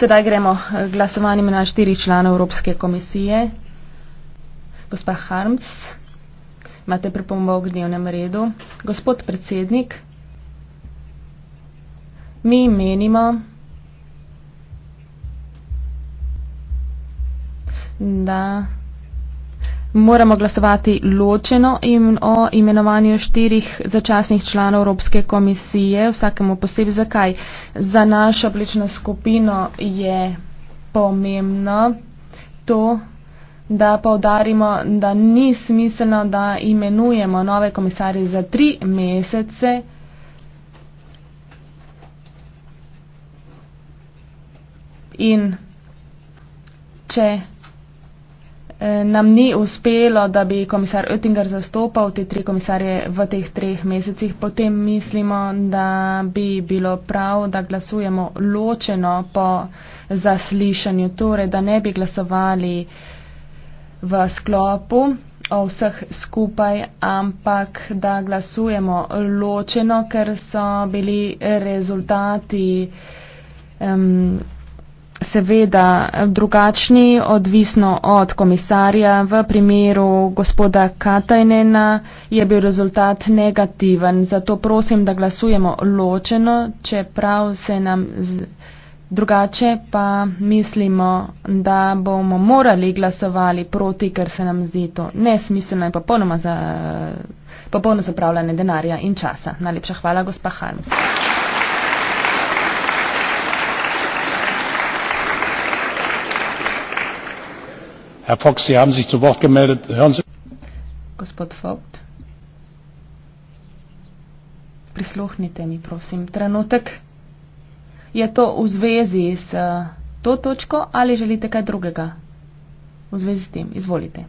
Sedaj gremo glasovanjem na štiri člane Evropske komisije. Gospa Harms, imate pripombo v dnevnem redu. Gospod predsednik, mi menimo, da moramo glasovati ločeno in o imenovanju štirih začasnih članov Evropske komisije, vsakemu posebej zakaj. Za našo plično skupino je pomembno to, da povdarimo, da ni smiselno, da imenujemo nove komisarje za tri mesece. In če nam ni uspelo, da bi komisar Oettinger zastopal te tri komisarje v teh treh mesecih, potem mislimo, da bi bilo prav, da glasujemo ločeno po zaslišanju, torej da ne bi glasovali v sklopu o vseh skupaj, ampak da glasujemo ločeno, ker so bili rezultati. Um, seveda drugačni, odvisno od komisarja. V primeru gospoda Katajnena je bil rezultat negativen. Zato prosim, da glasujemo ločeno, čeprav se nam drugače pa mislimo, da bomo morali glasovali proti, ker se nam zdi to nesmiselno in popolnoma za popolno zapravljanje denarja in časa. Najlepša hvala, gospa Harms. herr fox sie haben sich zu wort gemeldet hören sie gospod vogt prisluhnite mi prosim trenutek je to v zvezi s eh, to točko ali želite kaj drugega v zvezi s tem izvolite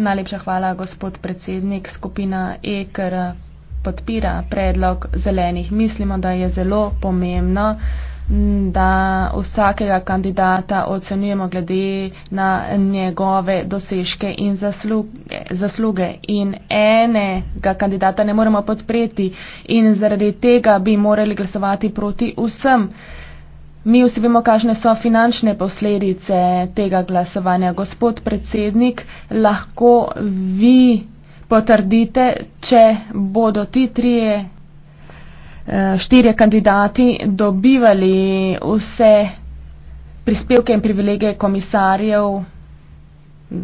najlepša hvala gospod predsednik skupina e ker podpira predlog zelenih mislimo da je zelo pomembno da vsakega kandidata ocenjujemo glede na njegove dosežke in zasluge. zasluge. In enega kandidata ne moremo podpreti in zaradi tega bi morali glasovati proti vsem. Mi vsi vemo, kakšne so finančne posledice tega glasovanja. Gospod predsednik, lahko vi potrdite, če bodo ti trije Eh, štirje kandidati dobivali vse prispevke in privilegije komisarjev hm,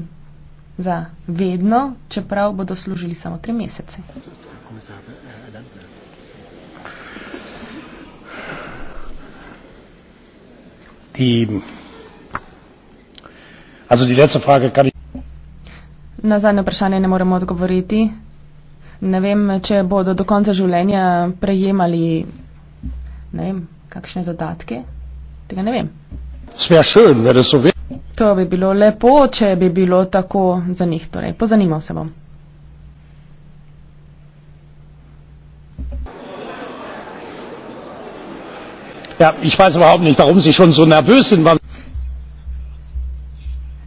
za vedno, čeprav bodo služili samo tri mesece. Na zadnje vprašanje ne moremo odgovoriti ne vem, če bodo do konca življenja prejemali ne vem, kakšne dodatke. Tega ne vem. Ja to bi bilo lepo, če bi bilo tako za njih. Torej, pozanimal se bom. Ja, ich weiß überhaupt nicht, warum Sie schon so nervös sind.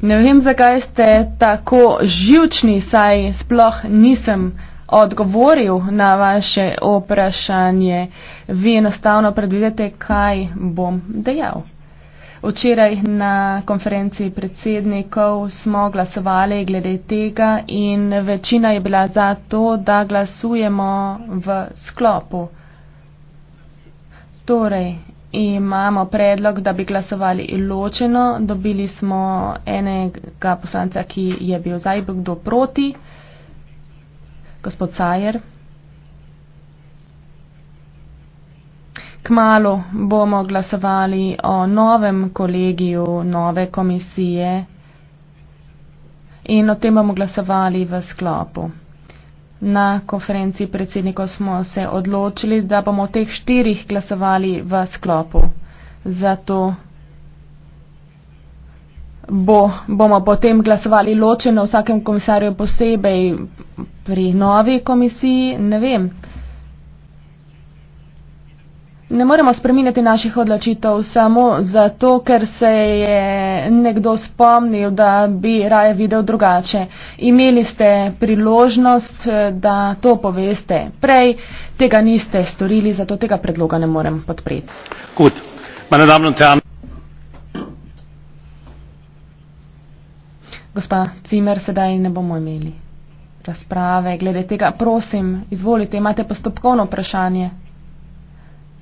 Ne vem, zakaj ste tako živčni, saj sploh nisem odgovoril na vaše vprašanje. Vi enostavno predvidite, kaj bom dejal. Včeraj na konferenci predsednikov smo glasovali glede tega in večina je bila za to, da glasujemo v sklopu. Torej, imamo predlog, da bi glasovali ločeno. Dobili smo enega poslanca, ki je bil zajbek do proti. Uh, gospod Sajer. Kmalo bomo glasovali o novem kolegiju, nove komisije in o tem bomo glasovali v sklopu. Na konferenci predsednikov smo se odločili, da bomo o teh štirih glasovali v sklopu. Zato bo, bomo potem glasovali ločeno vsakem komisarju posebej, pri novi komisiji, ne vem. Ne moremo spreminjati naših odločitev samo zato, ker se je nekdo spomnil, da bi raje videl drugače. Imeli ste priložnost, da to poveste prej, tega niste storili, zato tega predloga ne morem podpreti. Gut. Gospa Cimer, sedaj ne bomo imeli razprave glede tega. Prosim, izvolite, imate postopkovno vprašanje.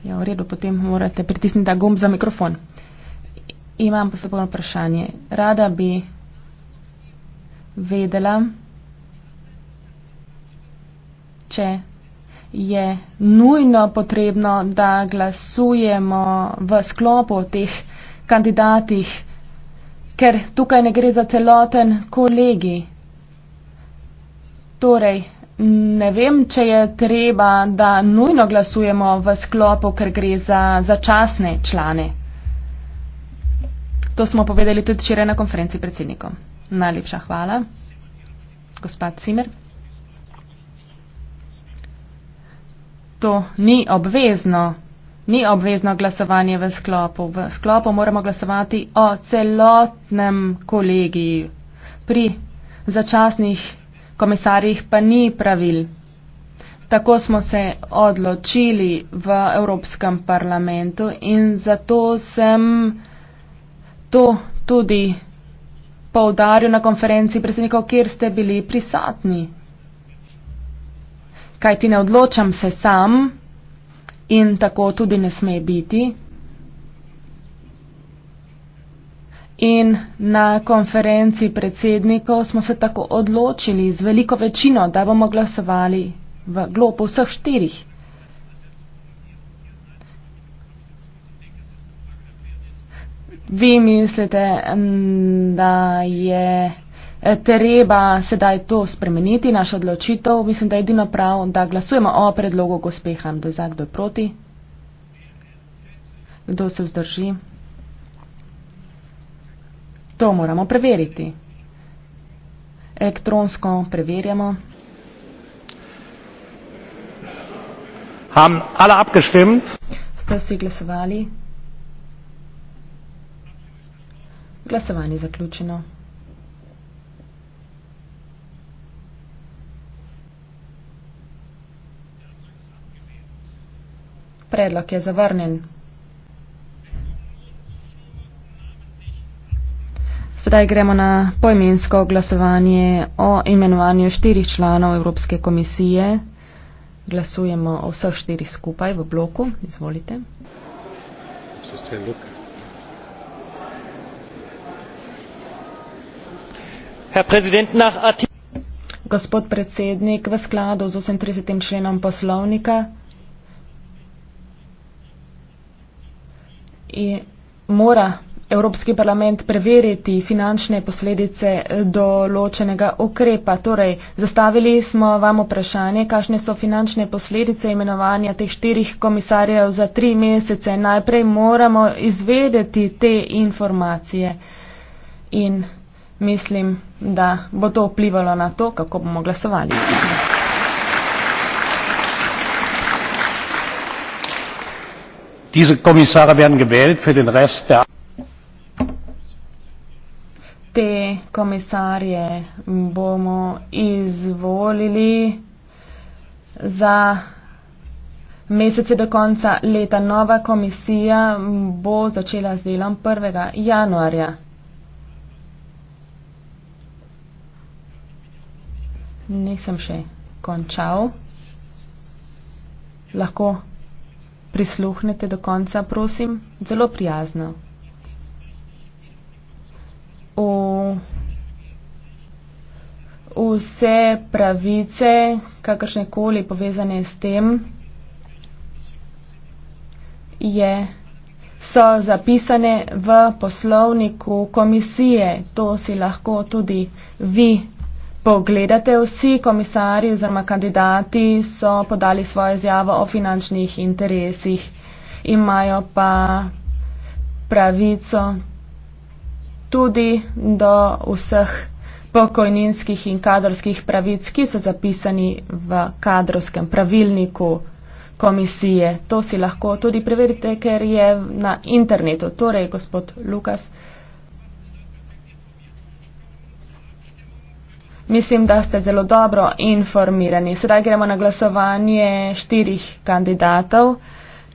Je ja, v redu, potem morate pritisniti gumb za mikrofon. Imam postopkovno vprašanje. Rada bi vedela, če je nujno potrebno, da glasujemo v sklopu teh kandidatih, ker tukaj ne gre za celoten kolegi. Torej, ne vem, če je treba, da nujno glasujemo v sklopu, ker gre za začasne člane. To smo povedali tudi včeraj na konferenci predsednikom. Najlepša hvala. Gospod Simer. To ni obvezno. Ni obvezno glasovanje v sklopu. V sklopu moramo glasovati o celotnem kolegiju. Pri začasnih komisarjih pa ni pravil. Tako smo se odločili v Evropskem parlamentu in zato sem to tudi poudaril na konferenci predsednikov, kjer ste bili prisotni. Kaj ti ne odločam se sam in tako tudi ne sme biti. In na konferenci predsednikov smo se tako odločili z veliko večino, da bomo glasovali v globo vseh štirih. Vi mislite, da je e, treba sedaj to spremeniti, našo odločitev? Mislim, da je edino prav, da glasujemo o predlogu gospeha. Da je za kdo proti? Kdo se vzdrži? To moramo preveriti. Elektronsko preverjamo. Haben alle abgestimmt? Ste vsi glasovali? Glasovanje zaključeno. Predlog je zavrnjen. sedaj gremo na poimensko glasovanje o imenovanju štirih članov Evropske komisije. Glasujemo o vseh štirih skupaj v bloku. Izvolite. Gospod predsednik, v skladu z 38. členom poslovnika mora Evropski parlament preveriti finančne posledice eh, določenega ukrepa. Torej, zastavili smo vam vprašanje, kakšne so finančne posledice imenovanja teh štirih komisarjev za tri mesece. Najprej moramo izvedeti te informacije in mislim, da bo to vplivalo na to, kako bomo glasovali. Diese Kommissare werden gewählt für den Rest der komisarje bomo izvolili za mesece do konca leta. Nova komisija bo začela z delom 1. januarja. Nisem še končal. Lahko prisluhnete do konca, prosim. Zelo prijazno. vse pravice, kakršne koli povezane s tem, je, so zapisane v poslovniku komisije. To si lahko tudi vi pogledate. Vsi komisarji oziroma kandidati so podali svojo izjavo o finančnih interesih. Imajo pa pravico tudi do vseh pokojninskih in kadrovskih pravic, ki so zapisani v kadrovskem pravilniku komisije. To si lahko tudi preverite, ker je na internetu. Torej, gospod Lukas, mislim, da ste zelo dobro informirani. Sedaj gremo na glasovanje štirih kandidatov.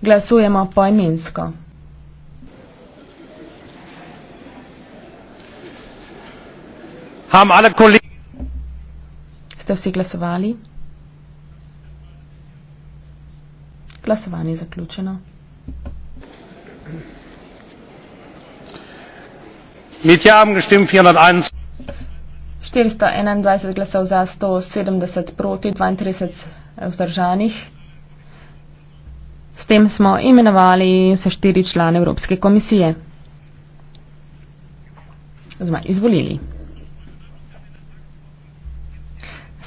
Glasujemo poimensko. Haben alle Kollegen. Ste vsi glasovali? Glasovanje je zaključeno. Mit ja haben gestimmt 401. 421 glasov za, 170 proti, 32 vzdržanih. S tem smo imenovali vse štiri člane Evropske komisije. Zdaj, izvolili.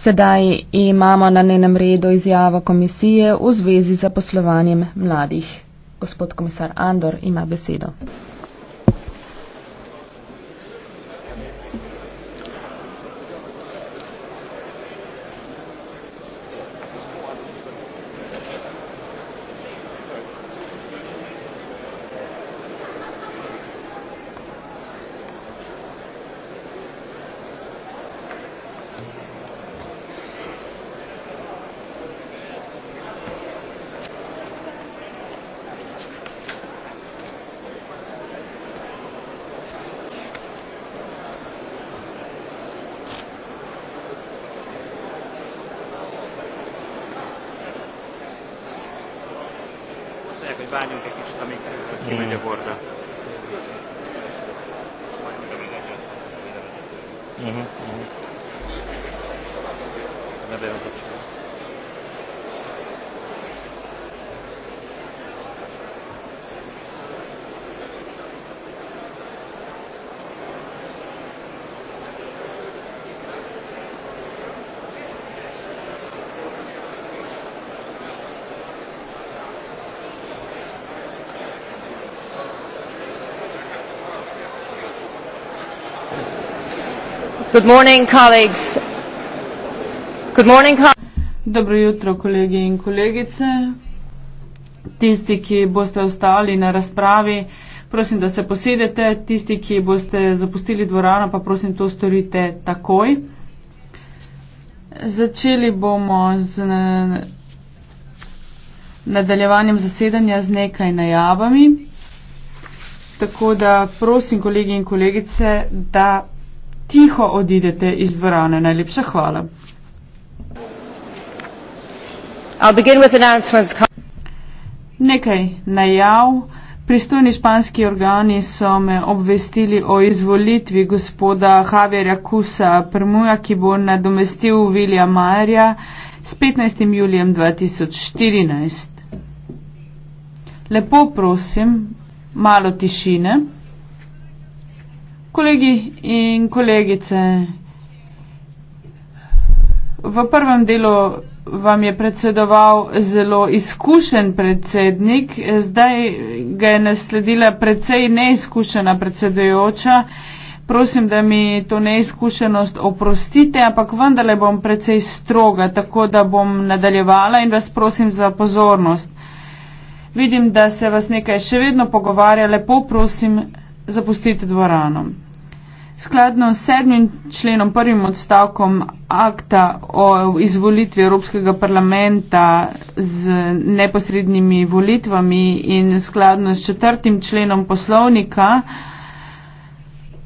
Sedaj imamo na njenem redu izjavo komisije v zvezi z zaposlovanjem mladih. Gospod komisar Andor ima besedo. Mhm, mhm. ne vem točno. Good morning, colleagues. Good morning, co Dobro jutro, kolegi in kolegice. Tisti, ki boste ostali na razpravi, prosim, da se posedete. Tisti, ki boste zapustili dvorano, pa prosim, to storite takoj. Začeli bomo z nadaljevanjem zasedanja z nekaj najavami. Tako da prosim kolegi in kolegice, da tiho odidete iz dvorane. Najlepša hvala. Nekaj najav. Pristojni španski organi so me obvestili o izvolitvi gospoda Javierja Kusa Prmuja, ki bo nadomestil Vilja Majerja s 15. julijem 2014. Lepo prosim, malo tišine. Kolegi in kolegice, v prvem delu vam je predsedoval zelo izkušen predsednik, zdaj ga je nasledila precej neizkušena predsedujoča. Prosim, da mi to neizkušenost oprostite, ampak vendarle bom precej stroga, tako da bom nadaljevala in vas prosim za pozornost. Vidim, da se vas nekaj še vedno pogovarja, lepo prosim, zapustite dvorano. Skladno s sedmim členom, prvim odstavkom akta o izvolitvi Evropskega parlamenta z neposrednimi volitvami in skladno s četrtim členom poslovnika,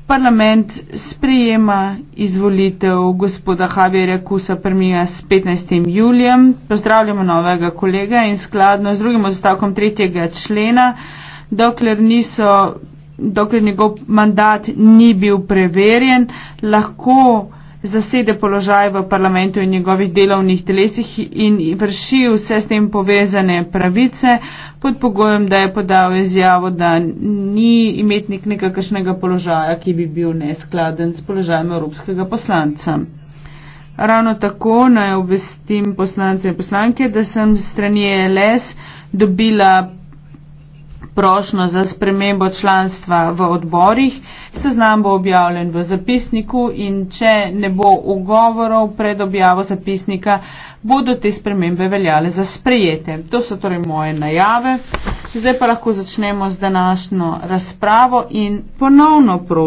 parlament sprejema izvolitev gospoda Javierja Kusa Prmija s 15. julijem. Pozdravljamo novega kolega in skladno s drugim odstavkom tretjega člena. Dokler niso dokler njegov mandat ni bil preverjen, lahko zasede položaj v parlamentu in njegovih delovnih telesih in vrši vse s tem povezane pravice pod pogojem, da je podal izjavo, da ni imetnik nekakšnega položaja, ki bi bil neskladen s položajem evropskega poslanca. Ravno tako naj obvestim poslance in poslanke, da sem strani e LS dobila prošno za spremembo članstva v odborih. Seznam bo objavljen v zapisniku in če ne bo ugovorov pred objavo zapisnika, bodo te spremembe veljale za sprejete. To so torej moje najave. Zdaj pa lahko začnemo z današnjo razpravo in ponovno prosim.